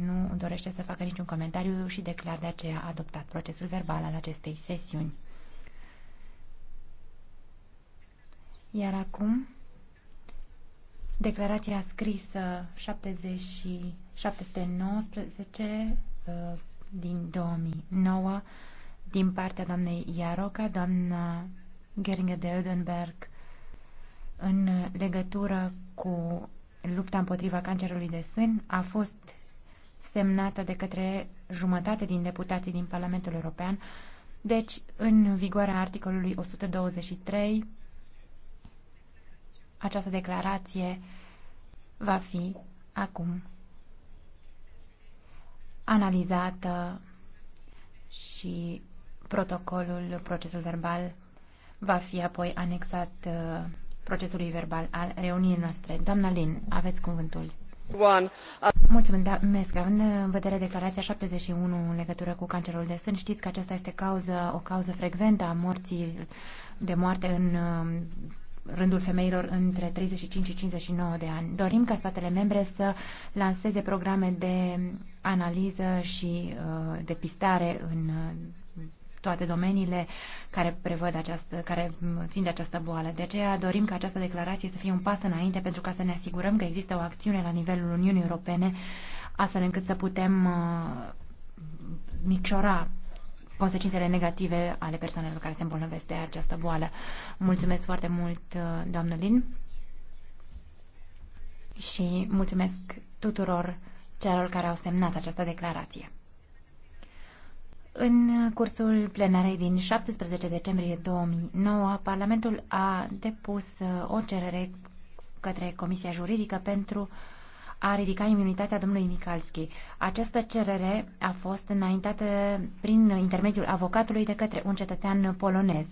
nu dorește să facă niciun comentariu și declar de aceea adoptat procesul verbal al acestei sesiuni. Iar acum, declarația scrisă 70 719 uh, din 2009 din partea doamnei Iaroca, doamna Geringer de Odenberg, în legătură cu lupta împotriva cancerului de sân a fost semnată de către jumătate din deputații din Parlamentul European, deci în vigoarea articolului 123 această declarație va fi acum analizată și protocolul, procesul verbal va fi apoi anexat uh, procesului verbal al reuniunii noastre. Doamna Lin, aveți cuvântul. Mulțumesc. Da, Având în vedere declarația 71 în legătură cu cancerul de sân, știți că aceasta este cauză, o cauză frecventă a morții de moarte în um, rândul femeilor între 35 și 59 de ani. Dorim ca statele membre să lanseze programe de analiză și uh, depistare în toate domeniile care prevăd această, care țin de această boală. De aceea dorim ca această declarație să fie un pas înainte pentru ca să ne asigurăm că există o acțiune la nivelul Uniunii Europene astfel încât să putem uh, micșora consecințele negative ale persoanelor care se îmbolnăvesc de această boală. Mulțumesc foarte mult, uh, doamnă Lin, și mulțumesc tuturor celor care au semnat această declarație. În cursul plenarei din 17 decembrie 2009, Parlamentul a depus uh, o cerere către Comisia Juridică pentru a ridica imunitatea domnului Michalski. Această cerere a fost înaintată prin intermediul avocatului de către un cetățean polonez.